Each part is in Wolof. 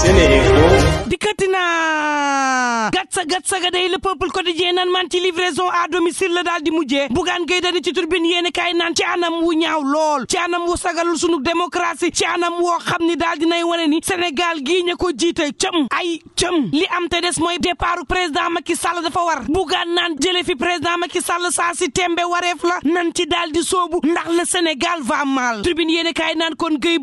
Sénéinfo dikkati naa gatsa gatsa ga day ko di quotidien nan man ci livraison à domicile la daal di mujjee bugaan gay dani ci turbine yéeni kaay naan ci anam wu ñaaw lool ci anam wu sagalul sunu démocratie ci anam woo xam ni daal nay wane ni senegal gii ña ko jiite cëm ay cam li am te des mooy départu président Macky Sall dafa war bugaan naan jële fi président Macky Sall saa si tembe wareef la nan ci daal di soobu ndax le Sénégal va mal turbine yéeni kaay naan kon géy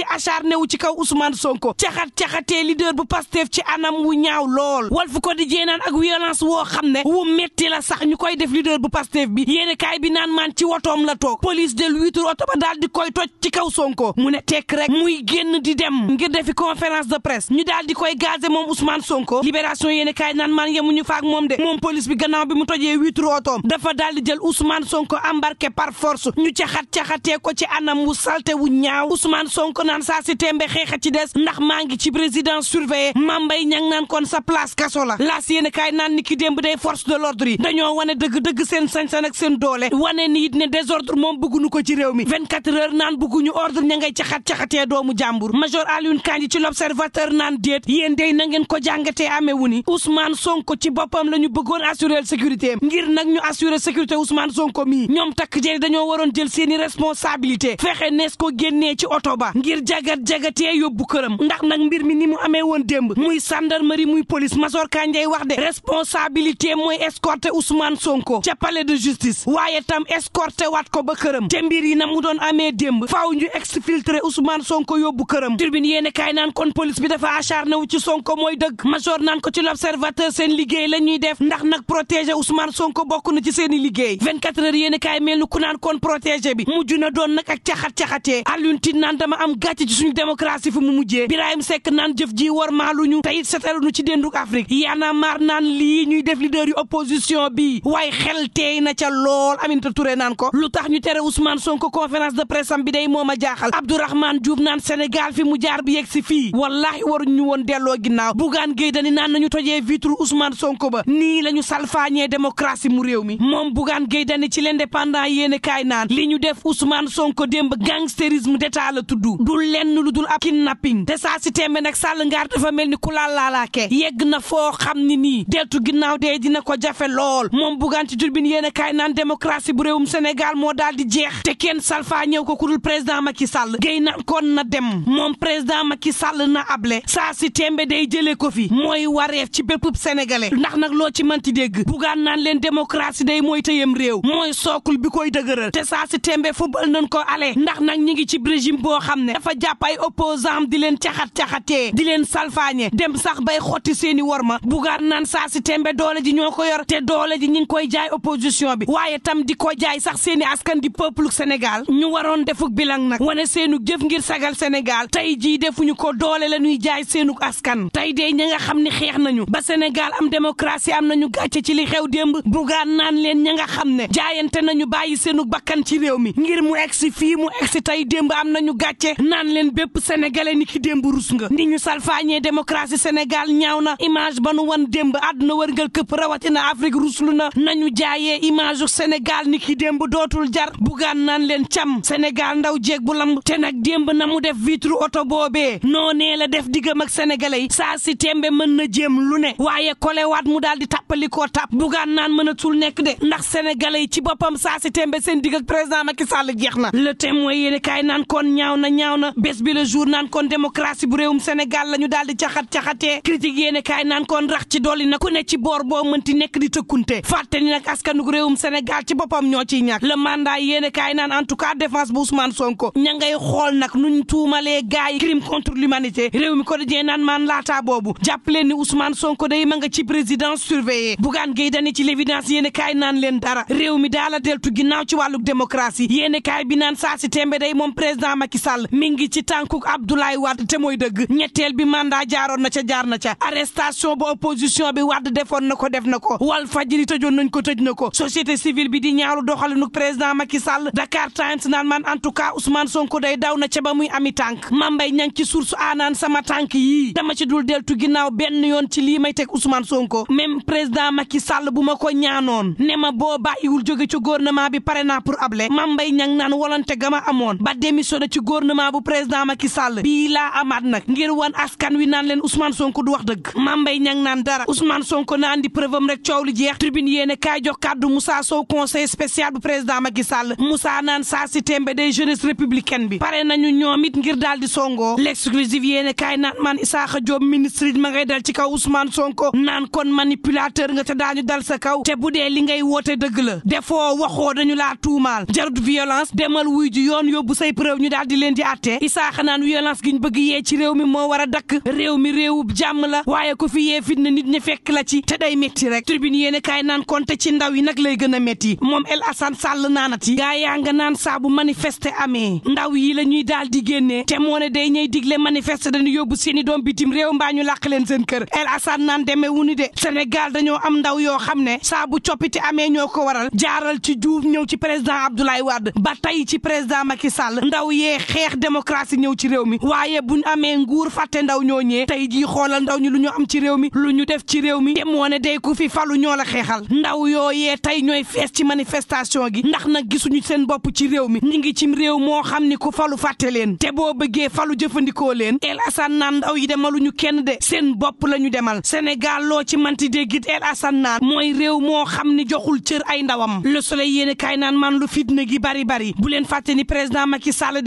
di acharné wu ci kaw Ousmane Sonko ca caxat caxatee leader bu Pastef ci anam wu ñaaw lool Walf Quotidien naan ak violence woo xam ne wu metti la sax ñu koy def leader bu Pastef bi yéene kaay bi naan man ci wotoom la toog police del wiitur oto ba daal di koy toj ci kaw Sonko mu ne tekk rek muy génn di dem ngir defi conférence de presse ñu daal di koy gazé moom Ousmane Sonko libération yéene kaay naan maan yemuñu faak moom de moom police bi gannaaw bi mu tojee wiitur otoom dafa daal di jël Ousmane Sonko embarqué par force ñu caxat caxatee ko ci anam wu salte wu ñaaw Ousmane Sonko naan saa si tembe xeexa ci des ndax maa ngi ci président surveillé Mame Mbaye Niang naan kon sa place kaso la laas yéen kaay nan ni ki démb day force de l'ordre yi dañoo wane dëgg-dëgg seen sañ-sañ ak seen doole wane ni it ne désordre mom bëgguñu ko ci réew mi 24 heures naan bëgguñu ordre ña ngay caxat-caxatee doomu jàmbur major Alioune Kandji ci l'observateur naan déet yéen day na ngeen ko jàngatee ameewu ni Ousmane Sonko ci boppam la ñu bëggoon assurer sécurité ngir nag ñu assurer sécurité Ousmane Sonko mii ñoom takk dañoo waroon jël seeni responsabilité fexe nees ko génnee ci oto ba ngir jagat jagatee yóbbu këram ndax nag mbir mi ni mu amee woon démb muy gendarmerie muy police Masor Kanjay wax de responsabilité mooy escorter Ousmane Sonko ca palais de justice waaye tam escorter wat ko ba këram te mbir yi na mu doon amee démb faaw ñu exfiltrer Ousmane Sonko yóbbu këram turbine yéene kaay naan kon police bi dafa acharné wu ci Sonko mooy dëgg Masor nan ko ci l'observateur seen liggéey la ñuy def ndax nag protéger Ousmane Sonko bokk na ci seen i liggéey 24 heures yéene kaay ku naan kon protéger bi mujj na doon nag ak caxat caxatee Alioune Tine naan dama am gàcce ci suñu démocratie fu mu mujjee Birahim Seck naan jëf ji war maaluñu tey setaluñu ci dénduk Afrique yaana maar naan lii ñuy def leader yu opposition bi waaye xel teey na ca lool Aminata ture naan ko lu tax ñu tere Ousmane Sonko conférence de presse am bi day moom a jaaxal Abdourahmane Diouf naan Sénégal fi mu jaar bi yeg si fii wallaahi ñu woon delloo ginnaaw Bougane Gueye Dany naan nañu tojee vitre Ousmane Sonko ba nii la ñu salfaañee démocratie mu réew mi moom Bougane Gueye Dany ci l'indépendant yéene kaay naan li ñu def Ousmane Sonko démb gangstérisme d'état la tudd du lenn lu dul ab kidnapping te saa si tembe nag Sall Ngaar dafa mel ni ku laalaalaake yegg na foo xam ni nii deltu ginnaaw dee dina ko jafe lool moom bugaan ci turbine yéen a kaay naan démocratie bu réewum Sénégal moo daal di jeex te kenn fa ñëw ko ku dul président Macky Sall géy naan kon na dem moom président Macky Sall na able saa si tembe day jëlee ko fi mooy wareef ci bépp sénégalais ndax nag loo ci manti dégg bugaan naan leen démocratie day mooy tëyem réew mooy sookul bi koy dëgëral te saa si tembe ko ndax nag ñi ngi ci régime boo xam ne fa jàpp ay opposant di leen caxat-caxatee di leen salfaañe dem sax bay xotti seeni worma bugaan naan saa si tembe doole ji ñoo ko yor te doole ji ñi ngi koy jaay opposition bi waaye tam di ko jaay sax seeni askan di peuple Sénégal ñu waroon defuk bilang nag wane seenu jëf ngir sagal Sénégal tey jii defuñu ko doole la ñuy jaay seenu askan tey dee ña nga xam ne xeex nañu ba Sénégal am démocratie am nañu gàcce ci li xew démb bugaan naan leen ña nga xam ne jaayante nañu bàyyi seenu bakkan ci réew mi ngir mu egsi fii mu egsi tey démb am nañu gàcce naan leen bépp sénégalais ni ki démb rus nga ni ñu salfaañee démocratie sénégal ñaaw na image ba nu wan démb na wërngal këpp rawatina afrique ruslu na nañu jaayee image sénégal ni ki démb dootul jar bugaan naan leen cam sénégal ndaw jeeg bu lamb te nag démb na mu def vitre oto boobee noonee la def diggam ak sénégalais yi saa si tembe mën na jéem lu ne waaye kolewaat mu daal di tàppalikoo tàpp bugaan naan mën a tul nekk de ndax sénégal yi ci boppam saa si tembe seen digg président Macky Sall jeex na le témoin yéene bés bi le naan kon démocratie bu réewum Sénégal la ñu daal di caxat caxatee critique naan kon rax ci dolli na ne ci boor boo mënti nekk di tëkkunte fàtte ni nag askanu réewum Sénégal ci boppam ñoo ciy ñàkk le mandat yéene kaay naan en tout cas défense bu Ousmane Sonko ña ngay xool nag nuñ tuumalee gaay crime contre l'humanité réew mi quotidien naan maan laataa boobu jàppaleen ni Ousmane Sonko day ma nga ci présidence surveillée Bougane Gueye Dany ci l'évidence yéene kaay naan leen dara réew mi daala deltu ginnaaw ci wàllu démocratie yéene kaay mi ngi ci tànkuk Abdoulaye Wade te mooy ñetteel bi mandat jaaroon na ca jaar na ca arrestation ba opposition bi wadd defoon na ko def na ko wal fajiri tëjoon nañ ko tëj na ko société civile bi di ñaaru doxalinu président Macky Sall Dakar Times naan man en tout cas Ousmane Sonko day daw na ca ba muy ami tànk mambay ñang ci source aanaan sama tànk yii dama ci dul deltu ginnaaw benn yoon ci lii may teg Ousmane Sonko même président Macky Sall bu ma ko ñaanoon ne ma boo bàyyiwul jóge ci gouvernement bi pare naa pour able mambay ñang naan wolante gama bu président Macky Sall bii laa amaat nag ngir wan askan wi naan leen Ousmane Sonko du wax dëgg mambay ñang naan dara Ousmane Sonko na andi preuve am rek coow li jeex tribune yéene kaay jox kàddu Moussa Sow conseil spécial bu président Macky Sall Moussa naan saa si tembe des jeunesse républicaine bi pare nañu ñoom it ngir daal di songoo l'exclusive yéene kaay naan man Isaaxa Diop ma ngay dal ci kaw Ousmane Sonko naan kon manipulateur nga te daañu dal sa kaw te bu li ngay woote dëgg la defoo waxoo dañu laa te isaaxa naan violence gi ñu bëgg yee ci réew mi moo war a dakk réew mi réew jàmm la waaye ko fi yee na nit ñi fekk la ci te day métti rek tribune yéene kaay naan konte ci ndaw yi nag lay gën a métti moom El Assane Sall naanati gaa yaa nga naan saa bu manifester amee ndaw yi la ñuy daal di génnee te moo ne day ñuy digle manifester dañu yóbbu seeni doom bitim réew mbaa ñu làq leen seen kër El Assane naan demee wu ni de Sénégal dañoo am ndaw yoo xam ne saa bu coppite amee ñoo ko waral jaaral ci Diouf ñëw ci président Abdoulaye Wade ba tey ci président Macky Sall ndaw yee démocratie ñëw ci réew mi waaye buñ amee nguur fàtte ndaw ñooñee tey jii xoolal ndaw ñi lu ñu am ci réew mi lu ñu def ci réew mi te moo ne day ku fi falu ñoo la xeexal ndaw yoo yooyee tey ñooy fees ci manifestation gi ndax nag gisuñu seen bopp ci réew mi ñi ngi cim réew moo xam ni ku falu fàtte leen te boo bëggee falu jëfandikoo leen El Assane naan ndaw yi demaluñu kenn de seen bopp la ñu demal Sénégal loo ci manti déggit El Assane naan mooy réew moo xam ni joxul cër ay ndawam Le Soleil yéene kaay naan man lu fitna gi bari bari bu leen président Macky Sall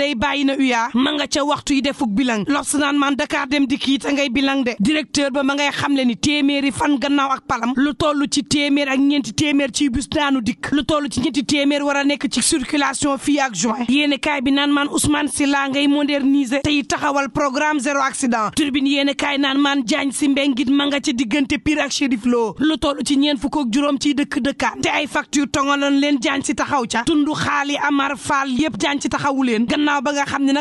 Nigéria ma nga ca waxtu yi defuk bilang lobs naan maan Dakar dem di kii te ngay bilang de directeur ba ma ngay xamle ni téeméeri fan gannaaw ak palam lu toll ci téeméer ak ñeenti téeméer ci bus daanu dikk lu toll ci ñeenti téeméer war a nekk ci circulation fii ak juin yéene kaay bi naan maan Ousmane Sylla ngay moderniser tey taxawal programme zéro accident turbine yéene kaay naan maan Diagne si mbengit ma nga ci diggante Pire ak Chérif Lo lu toll ci ñeent fukk ak juróom ciy dëkk dëkkaan te ay facture tongaloon leen si taxaw ca tundu xaali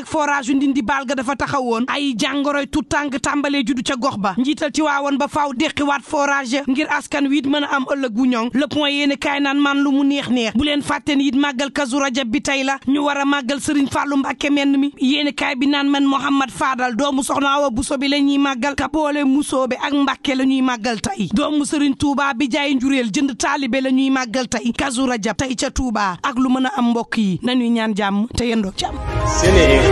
nag forage yu ndindi baal ga dafa taxawoon ay jàngoroy tu tàng tàmbalee juddu ca gox ba njiital ci waawoon ba faaw déqiwaat forage ngir askan wiit mën a am ëllëg wu ñoŋ le point yéene kaay naan man lu mu neex neex bu leen fàtte ni it màggal kazu rajab bi tey la ñu war a màggal sëriñ fàllu mbàkke menn mi yéene kaay bi naan man Mouhamad Fadal doomu soxna Awa Buso bi la ñuy màggal ka boole musoobe ak mbàkke la ñuy màggal tey doomu sëriñ Touba bi jaay njureel jënd taalibe la ñuy màggal tey kazu rajab tey ca Touba ak lu mën a am mbokk yi nañuy ñaan jàmm te yendoo jàmm